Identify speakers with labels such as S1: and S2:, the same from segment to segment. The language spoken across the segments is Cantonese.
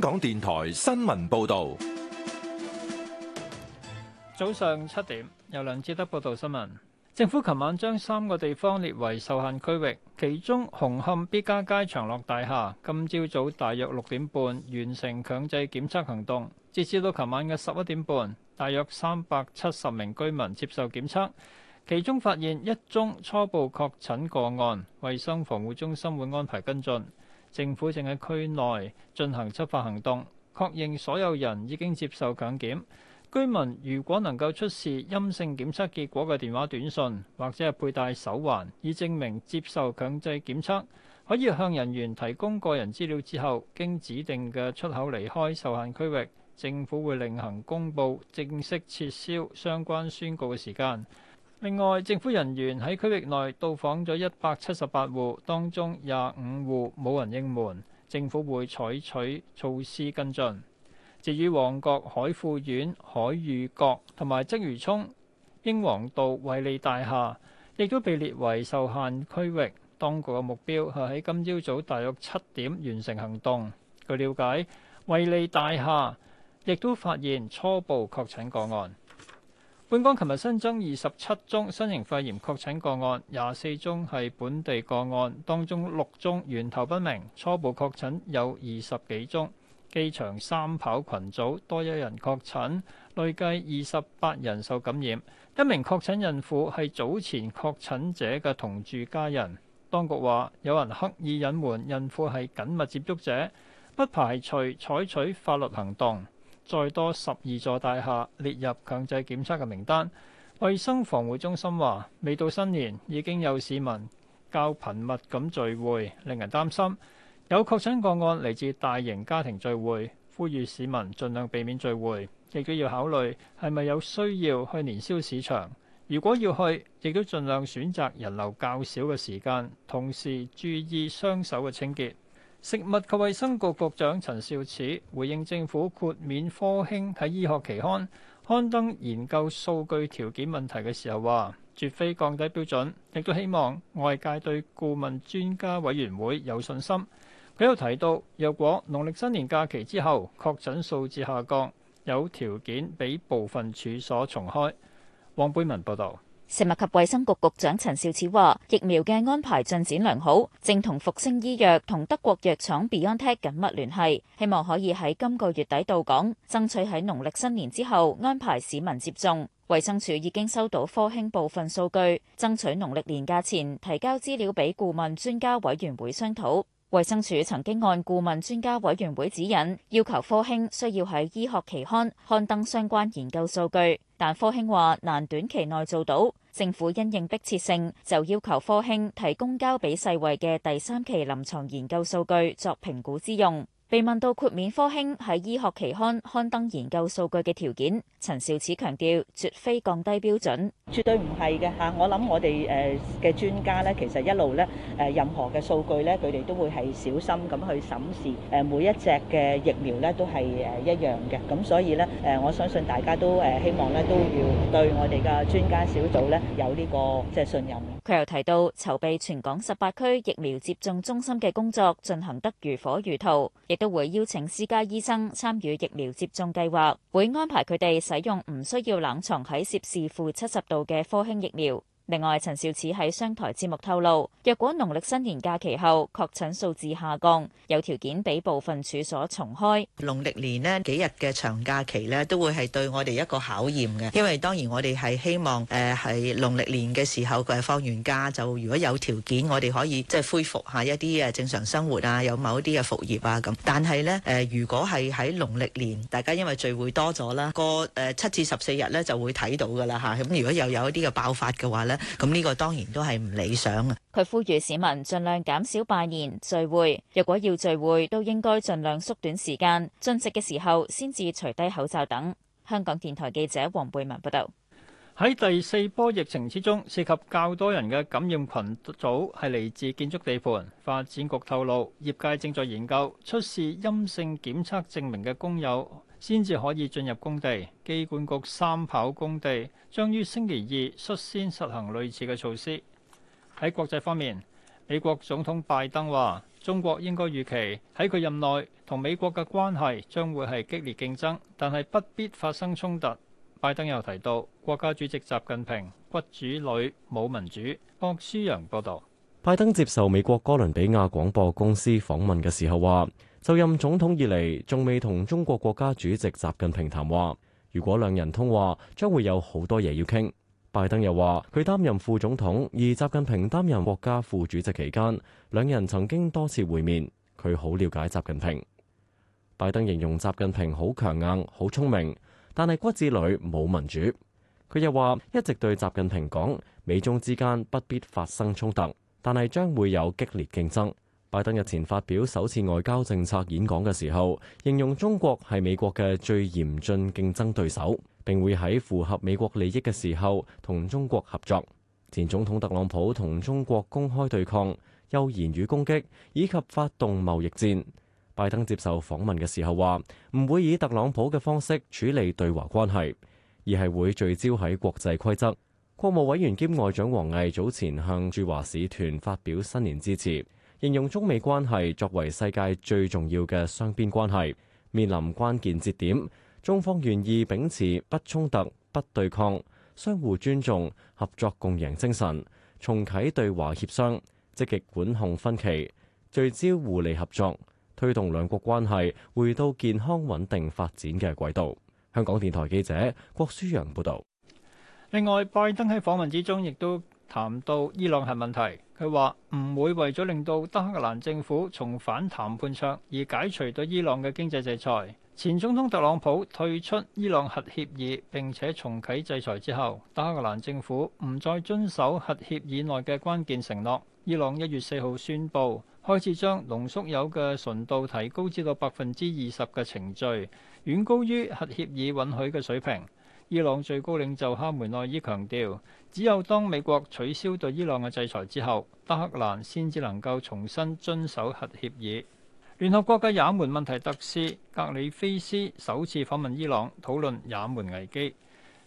S1: 港電台新聞報道，早上七點，由梁志德報道新聞。政府琴晚將三個地方列為受限區域，其中紅磡必嘉街長樂大廈，今朝早，早大約六點半完成強制檢測行動。截至到琴晚嘅十一點半，大約三百七十名居民接受檢測，其中發現一宗初步確診個案，衛生防護中心會安排跟進。政府正喺區內進行執法行動，確認所有人已經接受強檢。居民如果能夠出示陰性檢測結果嘅電話短訊，或者係佩戴手環以證明接受強制檢測，可以向人員提供個人資料之後，經指定嘅出口離開受限區域。政府會另行公佈正式撤銷相關宣告嘅時間。另外，政府人員喺區域內到訪咗一百七十八戶，當中廿五戶冇人應門，政府會採取措施跟進。至於旺角海富苑、海裕閣同埋鰂魚涌、英皇道惠利大廈，亦都被列為受限區域。當局嘅目標係喺今朝早，早大約七點完成行動。據了解，惠利大廈亦都發現初步確診個案。本港琴日新增二十七宗新型肺炎確診個案，廿四宗係本地個案，當中六宗源頭不明。初步確診有二十幾宗。機場三跑群組多一人確診，累計二十八人受感染。一名確診孕婦係早前確診者嘅同住家人。當局話有人刻意隱瞞孕婦係緊密接觸者，不排除採取法律行動。再多十二座大廈列入強制檢測嘅名單，衛生防護中心話，未到新年已經有市民較頻密咁聚會，令人擔心。有確診個案嚟自大型家庭聚會，呼籲市民盡量避免聚會，亦都要考慮係咪有需要去年宵市場，如果要去，亦都盡量選擇人流較少嘅時間，同時注意雙手嘅清潔。食物及衛生局局長陳肇始回應政府豁免科興喺醫學期刊刊登研究數據條件問題嘅時候，話絕非降低標準，亦都希望外界對顧問專家委員會有信心。佢又提到，若果農曆新年假期之後確診數字下降，有條件俾部分處所重開。黃
S2: 貝文報導。食物及衛生局局長陳肇始話：疫苗嘅安排進展良好，正同復星醫藥同德國藥廠 BioNTech 緊密聯繫，希望可以喺今個月底到港，爭取喺農曆新年之後安排市民接種。衛生署已經收到科興部分數據，爭取農曆年假前提交資料俾顧問專家委員會商討。衛生署曾經按顧問專家委員會指引要求科興需要喺醫學期刊刊登相關研究數據，但科興話難短期內做到。政府因應迫切性，就要求科興提供交俾世衛嘅第三期臨床研究數據作評估之用。被問到豁免科興喺醫學期刊刊登研究數據嘅條件，陳肇始強調絕非降低標準，絕對唔係嘅嚇。我諗我哋誒嘅專家咧，其實一路咧誒任何嘅數據咧，佢哋都會係小心咁去審視誒每一隻嘅疫苗咧，都係誒一樣嘅。咁所以咧誒，我相信大家都誒希望咧都要對我哋嘅專家小組咧有呢個即係信任。佢又提到籌備全港十八區疫苗接種中心嘅工作進行得如火如荼，都會邀請私家醫生參與疫苗接種計劃，會安排佢哋使用唔需要冷藏喺攝氏負七十度嘅科興疫苗。另外，陳肇始喺商台節目透露，若果農曆新年假期後確診數字下降，有條件俾部分處所重開。農曆年呢幾日嘅長假期呢都會係對我哋一個考驗嘅，因為當然我哋係希望誒喺、呃、農曆年嘅時候佢放完假就如果有條件，我哋可以即係、就是、恢復一下一啲正常生活啊，有某一啲嘅復業啊咁。但係呢、呃，如果係喺農曆年大家因為聚會多咗啦，過七至十四日呢就會睇到㗎啦嚇。咁如果又有一啲嘅爆發嘅話呢。咁、這、呢個當然都係唔理想啊！佢呼籲市民盡量減少拜年聚會，若果要聚會，都應該盡量縮短時間。進食嘅時候先至除低口罩等。香港電台記者黃貝文報道：喺第
S1: 四波疫情之中，涉及較多人嘅感染群組係嚟自建築地盤。發展局透露，業界正在研究出示陰性檢測證明嘅工友。先至可以進入工地，機管局三跑工地將於星期二率先實行類似嘅措施。喺國際方面，美國總統拜登話：中國應該預期喺佢任內同美國嘅關係將會係激烈競爭，但係不必發生衝突。拜登又提到，國家主席習近平骨子裏冇民主。郭書揚報導。
S3: 拜登接受美國哥倫比亞廣播公司訪問嘅時候話，就任總統以嚟，仲未同中國國家主席習近平談話，如果兩人通話將會有好多嘢要傾。拜登又話，佢擔任副總統，而習近平擔任國家副主席期間，兩人曾經多次會面。佢好了解習近平。拜登形容習近平好強硬、好聰明，但係骨子裏冇民主。佢又話，一直對習近平講，美中之間不必發生衝突，但係將會有激烈競爭。拜登日前發表首次外交政策演講嘅時候，形容中國係美國嘅最嚴峻競爭對手，並會喺符合美國利益嘅時候同中國合作。前總統特朗普同中國公開對抗，又言語攻擊以及發動貿易戰。拜登接受訪問嘅時候話，唔會以特朗普嘅方式處理對華關係，而係會聚焦喺國際規則。國務委員兼外長王毅早前向駐華使團發表新年致辭。形容中美關係作為世界最重要嘅雙邊關係，面臨關鍵節點，中方願意秉持不衝突、不對抗、相互尊重、合作共贏精神，重啟對話協商，積極管控分歧，聚焦互利合作，推動兩國關係回到健康穩定發展嘅軌道。香港電台記者郭舒揚報導。
S1: 另外，拜登喺訪問之中亦都談到伊朗核問題。佢話唔會為咗令到德黑蘭政府重返談判桌而解除對伊朗嘅經濟制裁。前總統特朗普退出伊朗核協議並且重啟制裁之後，德黑蘭政府唔再遵守核協議內嘅關鍵承諾。伊朗一月四號宣布開始將濃縮鈾嘅純度提高至到百分之二十嘅程序，遠高於核協議允許嘅水平。伊朗最高領袖哈梅內伊強調，只有當美國取消對伊朗嘅制裁之後，德黑蘭先至能夠重新遵守核協議。聯合國嘅也門問題特使格里菲斯首次訪問伊朗，討論也門危機。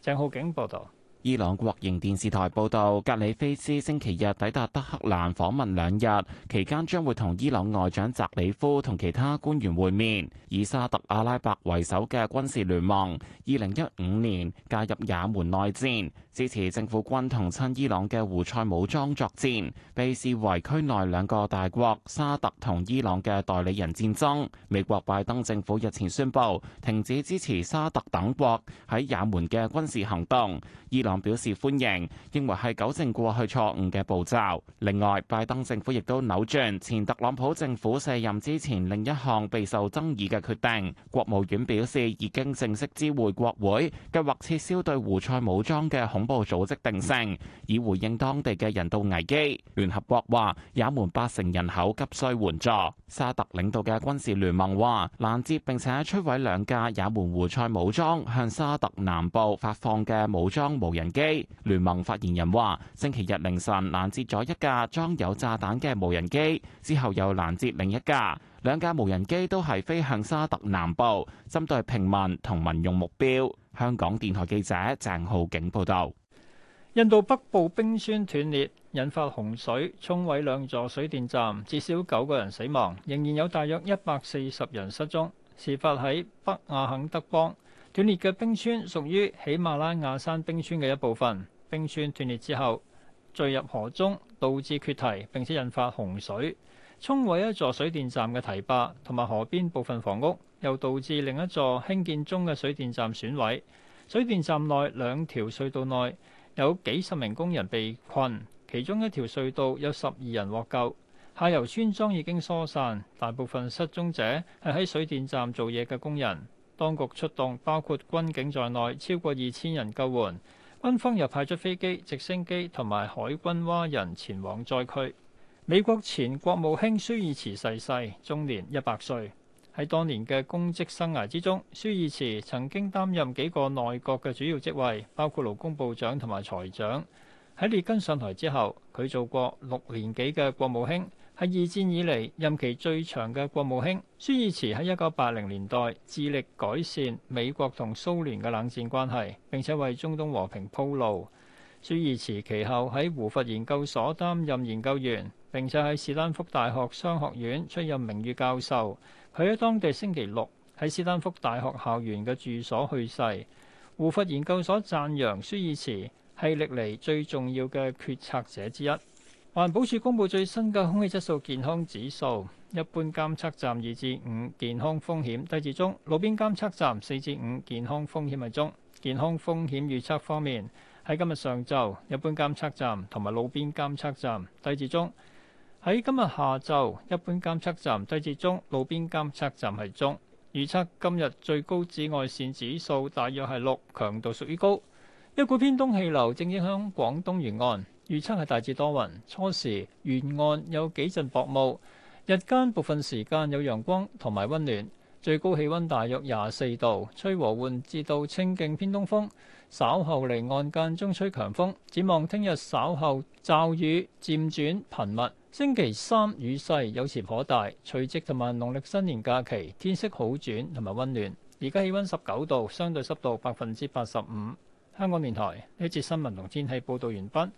S1: 鄭浩景報道。
S4: 伊朗國營電視台報導，格里菲斯星期日抵達德黑蘭訪問兩日，期間將會同伊朗外長扎里夫同其他官員會面。以沙特阿拉伯為首嘅軍事聯盟，二零一五年加入也門內戰，支持政府軍同親伊朗嘅胡塞武裝作戰，被視為區內兩個大國沙特同伊朗嘅代理人戰爭。美國拜登政府日前宣布停止支持沙特等國喺也門嘅軍事行動。伊朗表示歡迎，認為係糾正過去錯誤嘅步驟。另外，拜登政府亦都扭轉前特朗普政府卸任之前另一項備受爭議嘅決定。國務院表示已經正式知會國會，計劃撤銷對胡塞武裝嘅恐怖組織定性，以回應當地嘅人道危機。聯合國話也門八成人口急需援助。沙特領導嘅軍事聯盟話，攔截並且摧毀兩架也門胡塞武裝向沙特南部發放嘅武裝無人無人機聯盟發言人話：星期日凌晨攔截咗一架裝有炸彈嘅無人機，之後又攔截另一架，兩架無人機都係飛向沙特南部，針對平民同民用目標。香港電台記者鄭浩景報道：
S1: 印度北部冰川斷裂，引發洪水，沖毀兩座水電站，至少九個人死亡，仍然有大約一百四十人失蹤。事發喺北亞肯德邦。斷裂嘅冰川屬於喜馬拉雅山冰川嘅一部分。冰川斷裂之後，墜入河中，導致缺堤，並且引發洪水，沖毀一座水電站嘅堤壩，同埋河邊部分房屋，又導致另一座興建中嘅水電站損毀。水電站內兩條隧道內有幾十名工人被困，其中一條隧道有十二人獲救。下游村莊已經疏散，大部分失蹤者係喺水電站做嘢嘅工人。當局出動包括軍警在內超過二千人救援，軍方又派出飛機、直升機同埋海軍蛙人前往災區。美國前國務卿舒爾茨逝世，終年一百歲。喺當年嘅公職生涯之中，舒爾茨曾經擔任幾個內閣嘅主要職位，包括勞工部長同埋財長。喺列根上台之後，佢做過六年幾嘅國務卿。係二戰以嚟任期最長嘅國務卿舒爾茨喺一九八零年代致力改善美國同蘇聯嘅冷戰關係，並且為中東和平鋪路。舒爾茨其後喺胡佛研究所擔任研究員，並且喺士丹福大學商學院出任名譽教授。佢喺當地星期六喺士丹福大學校園嘅住所去世。胡佛研究所讚揚舒爾茨係歷嚟最重要嘅決策者之一。環保署公布最新嘅空氣質素健康指數，一般監測站二至五健康風險低至中；路邊監測站四至五健康風險係中。健康風險預測方面，喺今日上晝，一般監測站同埋路邊監測站低至中；喺今日下晝，一般監測站低至中，路邊監測站係中。預測今日最高紫外線指數大約係六，強度屬於高。一股偏東氣流正影響廣東沿岸。預測係大致多雲，初時沿岸有幾陣薄霧，日間部分時間有陽光同埋溫暖，最高氣溫大約廿四度，吹和緩至到清勁偏東風。稍後離岸間中吹強風，展望聽日稍後驟雨漸轉頻密。星期三雨勢有時頗大，除夕同埋農曆新年假期天色好轉同埋溫暖。而家氣溫十九度，相對濕度百分之八十五。香港電台呢節新聞同天氣報道完畢。